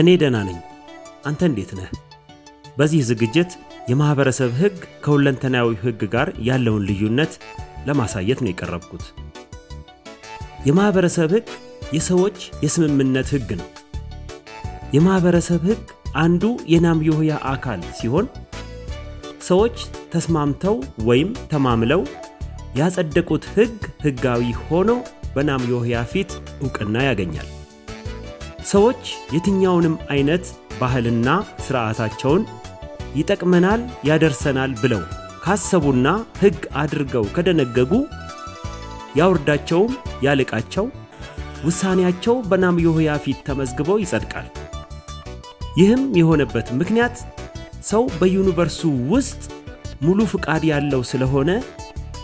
እኔ ደህና ነኝ፣ አንተ እንዴት ነህ? በዚህ ዝግጅት የማኅበረሰብ ሕግ ከሁለንተናዊ ሕግ ጋር ያለውን ልዩነት ለማሳየት ነው የቀረብኩት። የማኅበረሰብ ሕግ የሰዎች የስምምነት ሕግ ነው። የማኅበረሰብ ሕግ አንዱ የናምዮህያ አካል ሲሆን ሰዎች ተስማምተው ወይም ተማምለው ያጸደቁት ሕግ ሕጋዊ ሆኖ በናምዮህያ ፊት ዕውቅና ያገኛል። ሰዎች የትኛውንም አይነት ባህልና ስርዓታቸውን ይጠቅመናል፣ ያደርሰናል ብለው ካሰቡና ሕግ አድርገው ከደነገጉ ያውርዳቸውም ያልቃቸው ውሳኔያቸው በናምዮህያ ፊት ተመዝግበው ይጸድቃል። ይህም የሆነበት ምክንያት ሰው በዩኒቨርሱ ውስጥ ሙሉ ፍቃድ ያለው ስለሆነ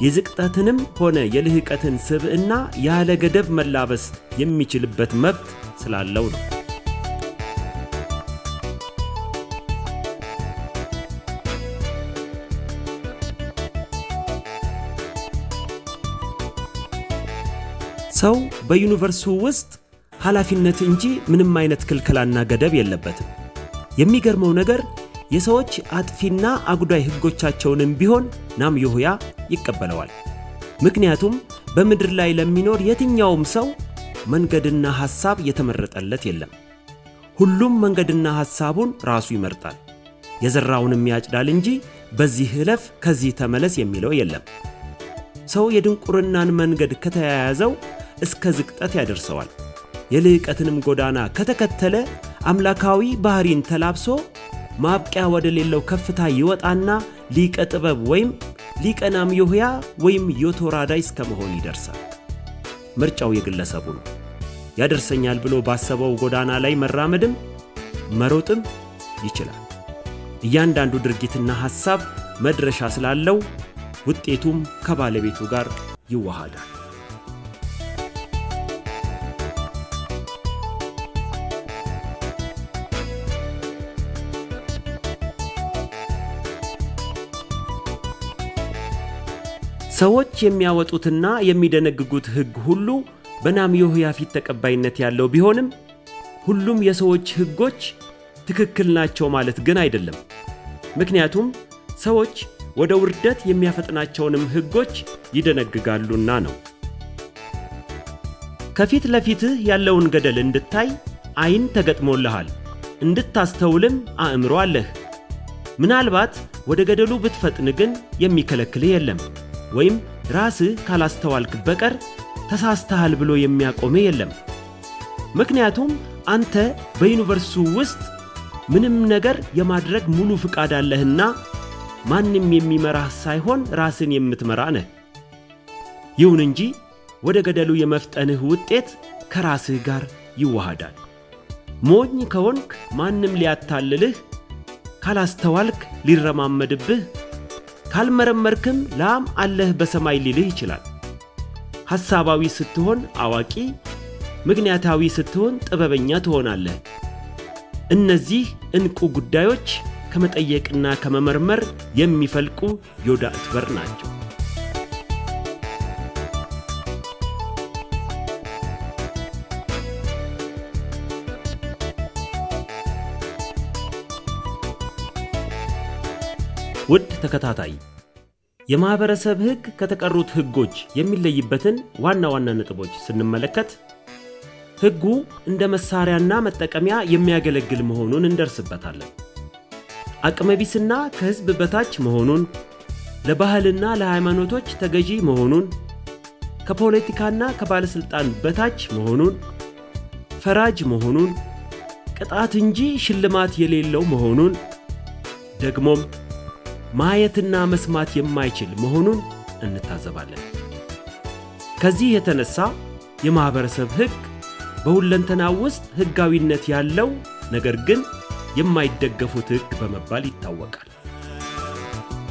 የዝቅጠትንም ሆነ የልህቀትን ስብዕና ያለ ገደብ መላበስ የሚችልበት መብት ስላለው ነው። ሰው በዩኒቨርሱ ውስጥ ኃላፊነት እንጂ ምንም አይነት ክልከላና ገደብ የለበትም። የሚገርመው ነገር የሰዎች አጥፊና አጉዳይ ሕጎቻቸውንም ቢሆን ናም ይቀበለዋል። ምክንያቱም በምድር ላይ ለሚኖር የትኛውም ሰው መንገድና ሐሳብ የተመረጠለት የለም። ሁሉም መንገድና ሐሳቡን ራሱ ይመርጣል። የዘራውንም ያጭዳል እንጂ በዚህ እለፍ ከዚህ ተመለስ የሚለው የለም። ሰው የድንቁርናን መንገድ ከተያያዘው እስከ ዝቅጠት ያደርሰዋል። የልዕቀትንም ጎዳና ከተከተለ አምላካዊ ባህሪን ተላብሶ ማብቂያ ወደሌለው ከፍታ ይወጣና ሊቀ ጥበብ ወይም ሊቀናም ዮህያ ወይም ዮቶራዳይ እስከ መሆን ይደርሳል። ምርጫው የግለሰቡ ነው። ያደርሰኛል ብሎ ባሰበው ጎዳና ላይ መራመድም መሮጥም ይችላል። እያንዳንዱ ድርጊትና ሐሳብ መድረሻ ስላለው ውጤቱም ከባለቤቱ ጋር ይዋሃዳል። ሰዎች የሚያወጡትና የሚደነግጉት ሕግ ሁሉ በናምዮህያ ፊት ተቀባይነት ያለው ቢሆንም ሁሉም የሰዎች ሕጎች ትክክል ናቸው ማለት ግን አይደለም። ምክንያቱም ሰዎች ወደ ውርደት የሚያፈጥናቸውንም ሕጎች ይደነግጋሉና ነው። ከፊት ለፊትህ ያለውን ገደል እንድታይ አይን ተገጥሞልሃል፣ እንድታስተውልም አእምሮ አለህ። ምናልባት ወደ ገደሉ ብትፈጥን ግን የሚከለክልህ የለም ወይም ራስህ ካላስተዋልክ በቀር ተሳስተሃል ብሎ የሚያቆመ የለም። ምክንያቱም አንተ በዩኒቨርሱ ውስጥ ምንም ነገር የማድረግ ሙሉ ፍቃድ አለህና ማንም የሚመራህ ሳይሆን ራስን የምትመራ ነህ። ይሁን እንጂ ወደ ገደሉ የመፍጠንህ ውጤት ከራስህ ጋር ይዋሃዳል። ሞኝ ከሆንክ ማንም ሊያታልልህ፣ ካላስተዋልክ ሊረማመድብህ፣ ካልመረመርክም ላም አለህ በሰማይ ሊልህ ይችላል። ሐሳባዊ ስትሆን አዋቂ፣ ምክንያታዊ ስትሆን ጥበበኛ ትሆናለህ። እነዚህ ዕንቁ ጉዳዮች ከመጠየቅና ከመመርመር የሚፈልቁ ዮዳእት በር ናቸው። ውድ ተከታታይ የማህበረሰብ ህግ ከተቀሩት ህጎች የሚለይበትን ዋና ዋና ነጥቦች ስንመለከት ህጉ እንደ መሳሪያና መጠቀሚያ የሚያገለግል መሆኑን እንደርስበታለን። አቅመቢስና ከህዝብ በታች መሆኑን፣ ለባህልና ለሃይማኖቶች ተገዢ መሆኑን፣ ከፖለቲካና ከባለሥልጣን በታች መሆኑን፣ ፈራጅ መሆኑን፣ ቅጣት እንጂ ሽልማት የሌለው መሆኑን ደግሞም ማየትና መስማት የማይችል መሆኑን እንታዘባለን። ከዚህ የተነሳ የማኅበረሰብ ሕግ በሁለንተና ውስጥ ሕጋዊነት ያለው ነገር ግን የማይደገፉት ሕግ በመባል ይታወቃል።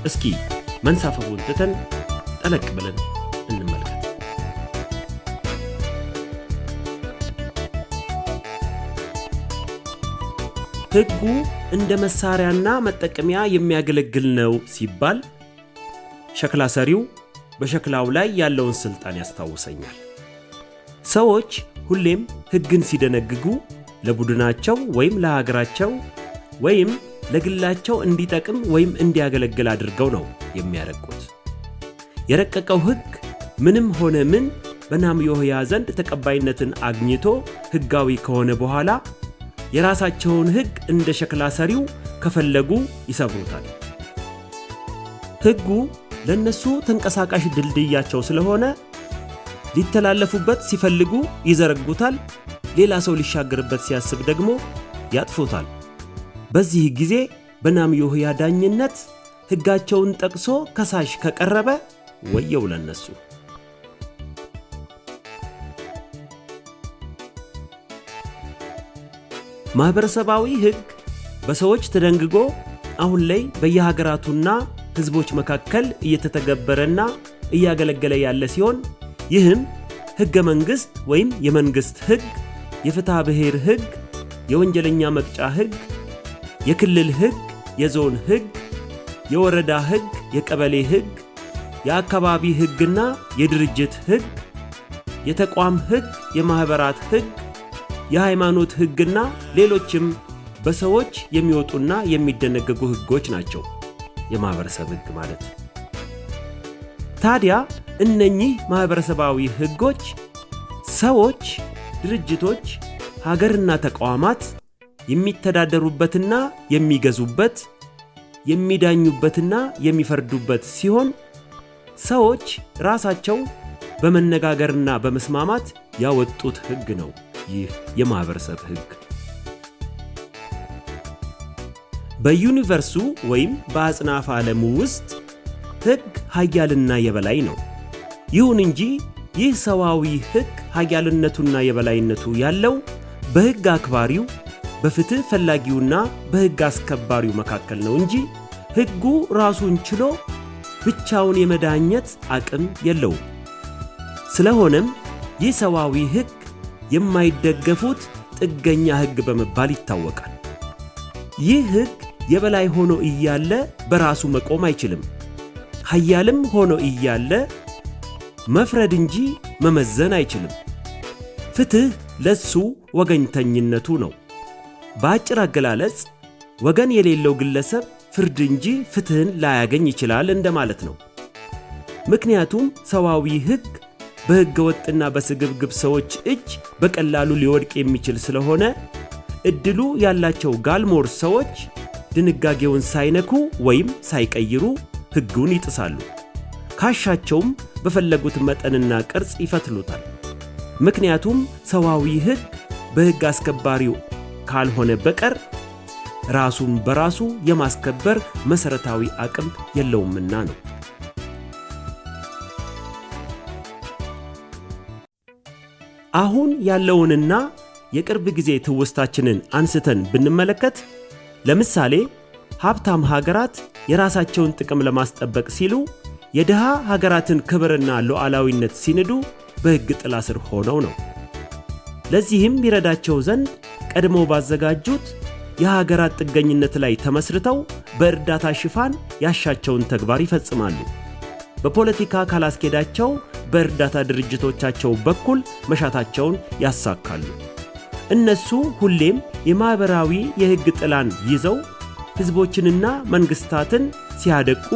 እስኪ መንሳፈፉን ትተን ጠለቅ ብለን ህጉ እንደ መሳሪያና መጠቀሚያ የሚያገለግል ነው ሲባል ሸክላ ሰሪው በሸክላው ላይ ያለውን ስልጣን ያስታውሰኛል። ሰዎች ሁሌም ህግን ሲደነግጉ ለቡድናቸው ወይም ለሀገራቸው ወይም ለግላቸው እንዲጠቅም ወይም እንዲያገለግል አድርገው ነው የሚያረቁት። የረቀቀው ህግ ምንም ሆነ ምን በናምዮህያ ዘንድ ተቀባይነትን አግኝቶ ህጋዊ ከሆነ በኋላ የራሳቸውን ሕግ እንደ ሸክላ ሰሪው ከፈለጉ ይሰብሩታል። ሕጉ ለእነሱ ተንቀሳቃሽ ድልድያቸው ስለሆነ ሊተላለፉበት ሲፈልጉ ይዘረጉታል፣ ሌላ ሰው ሊሻገርበት ሲያስብ ደግሞ ያጥፉታል። በዚህ ጊዜ በናምዮህያ ዳኝነት ሕጋቸውን ጠቅሶ ከሳሽ ከቀረበ ወየው ለነሱ። ማኅበረሰባዊ ሕግ በሰዎች ተደንግጎ አሁን ላይ በየሀገራቱና ሕዝቦች መካከል እየተተገበረና እያገለገለ ያለ ሲሆን ይህም ሕገ መንግሥት ወይም የመንግሥት ሕግ፣ የፍትሐ ብሔር ሕግ፣ የወንጀለኛ መቅጫ ሕግ፣ የክልል ሕግ፣ የዞን ሕግ፣ የወረዳ ሕግ፣ የቀበሌ ሕግ፣ የአካባቢ ሕግና የድርጅት ሕግ፣ የተቋም ሕግ፣ የማኅበራት ሕግ የሃይማኖት ሕግና ሌሎችም በሰዎች የሚወጡና የሚደነገጉ ሕጎች ናቸው። የማኅበረሰብ ሕግ ማለት ታዲያ እነኚህ ማኅበረሰባዊ ሕጎች ሰዎች፣ ድርጅቶች፣ ሀገርና ተቋማት የሚተዳደሩበትና የሚገዙበት የሚዳኙበትና የሚፈርዱበት ሲሆን ሰዎች ራሳቸው በመነጋገርና በመስማማት ያወጡት ሕግ ነው። ይህ የማህበረሰብ ህግ በዩኒቨርሱ ወይም በአጽናፍ ዓለሙ ውስጥ ህግ ሀያልና የበላይ ነው። ይሁን እንጂ ይህ ሰዋዊ ህግ ሀያልነቱና የበላይነቱ ያለው በህግ አክባሪው በፍትህ ፈላጊውና በህግ አስከባሪው መካከል ነው እንጂ ህጉ ራሱን ችሎ ብቻውን የመዳኘት አቅም የለውም። ስለሆነም ይህ ሰዋዊ ህግ የማይደገፉት ጥገኛ ሕግ በመባል ይታወቃል። ይህ ሕግ የበላይ ሆኖ እያለ በራሱ መቆም አይችልም። ኃያልም ሆኖ እያለ መፍረድ እንጂ መመዘን አይችልም። ፍትሕ ለሱ ወገኝተኝነቱ ነው። በአጭር አገላለጽ ወገን የሌለው ግለሰብ ፍርድ እንጂ ፍትሕን ላያገኝ ይችላል እንደማለት ነው። ምክንያቱም ሰዋዊ ሕግ በሕገ ወጥና በስግብግብ ሰዎች እጅ በቀላሉ ሊወድቅ የሚችል ስለሆነ እድሉ ያላቸው ጋልሞር ሰዎች ድንጋጌውን ሳይነኩ ወይም ሳይቀይሩ ሕጉን ይጥሳሉ። ካሻቸውም በፈለጉት መጠንና ቅርጽ ይፈትሉታል። ምክንያቱም ሰዋዊ ሕግ በሕግ አስከባሪው ካልሆነ በቀር ራሱን በራሱ የማስከበር መሠረታዊ አቅም የለውምና ነው። አሁን ያለውንና የቅርብ ጊዜ ትውስታችንን አንስተን ብንመለከት ለምሳሌ ሀብታም ሀገራት የራሳቸውን ጥቅም ለማስጠበቅ ሲሉ የድሃ ሀገራትን ክብርና ሉዓላዊነት ሲንዱ በሕግ ጥላ ስር ሆነው ነው። ለዚህም ይረዳቸው ዘንድ ቀድሞ ባዘጋጁት የሀገራት ጥገኝነት ላይ ተመስርተው በእርዳታ ሽፋን ያሻቸውን ተግባር ይፈጽማሉ። በፖለቲካ ካላስኬዳቸው በእርዳታ ድርጅቶቻቸው በኩል መሻታቸውን ያሳካሉ። እነሱ ሁሌም የማኅበራዊ የሕግ ጥላን ይዘው ሕዝቦችንና መንግሥታትን ሲያደቁ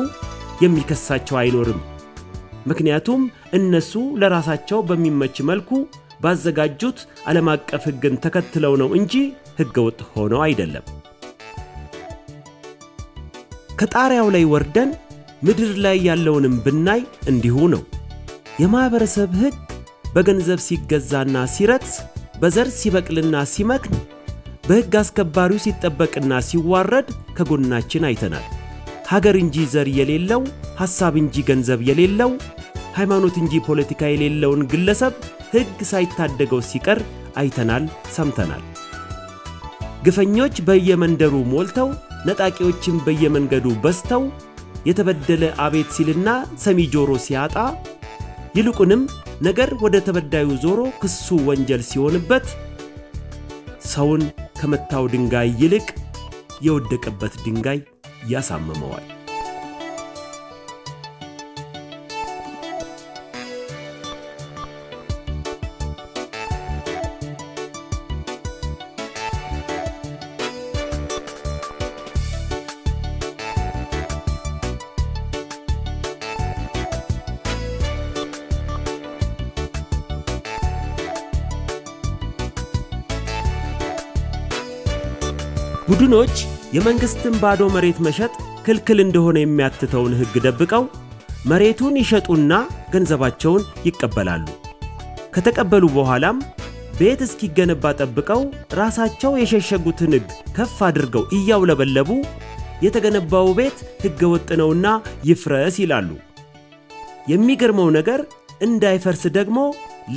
የሚከሳቸው አይኖርም። ምክንያቱም እነሱ ለራሳቸው በሚመች መልኩ ባዘጋጁት ዓለም አቀፍ ሕግን ተከትለው ነው እንጂ ሕገ ሆነው አይደለም። ከጣሪያው ላይ ወርደን ምድር ላይ ያለውንም ብናይ እንዲሁ ነው። የማኅበረሰብ ሕግ በገንዘብ ሲገዛና ሲረክስ፣ በዘር ሲበቅልና ሲመክን፣ በሕግ አስከባሪው ሲጠበቅና ሲዋረድ ከጎናችን አይተናል። ሀገር እንጂ ዘር የሌለው ሐሳብ እንጂ ገንዘብ የሌለው ሃይማኖት እንጂ ፖለቲካ የሌለውን ግለሰብ ሕግ ሳይታደገው ሲቀር አይተናል፣ ሰምተናል። ግፈኞች በየመንደሩ ሞልተው፣ ነጣቂዎችም በየመንገዱ በዝተው የተበደለ አቤት ሲልና ሰሚ ጆሮ ሲያጣ ይልቁንም ነገር ወደ ተበዳዩ ዞሮ ክሱ ወንጀል ሲሆንበት ሰውን ከመታው ድንጋይ ይልቅ የወደቀበት ድንጋይ ያሳምመዋል። ቡድኖች የመንግስትን ባዶ መሬት መሸጥ ክልክል እንደሆነ የሚያትተውን ሕግ ደብቀው መሬቱን ይሸጡና ገንዘባቸውን ይቀበላሉ። ከተቀበሉ በኋላም ቤት እስኪገነባ ጠብቀው ራሳቸው የሸሸጉትን ሕግ ከፍ አድርገው እያውለበለቡ የተገነባው ቤት ሕገ ወጥ ነውና ይፍረስ ይላሉ። የሚገርመው ነገር እንዳይፈርስ ደግሞ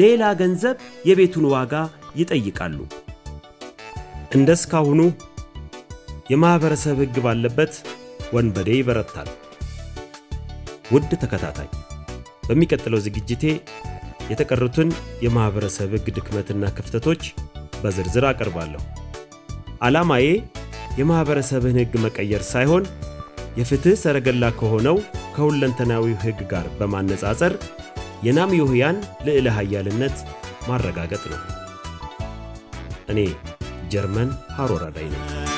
ሌላ ገንዘብ የቤቱን ዋጋ ይጠይቃሉ። እንደ እስካሁኑ የማኅበረሰብ ሕግ ባለበት ወንበዴ ይበረታል። ውድ ተከታታይ፣ በሚቀጥለው ዝግጅቴ የተቀሩትን የማኅበረሰብ ሕግ ድክመትና ክፍተቶች በዝርዝር አቀርባለሁ። ዓላማዬ የማኅበረሰብን ሕግ መቀየር ሳይሆን የፍትሕ ሰረገላ ከሆነው ከሁለንተናዊ ሕግ ጋር በማነጻጸር የናምዮህያን ልዕለ ኃያልነት ማረጋገጥ ነው። እኔ ጀርመን ሐሮራ ነኝ።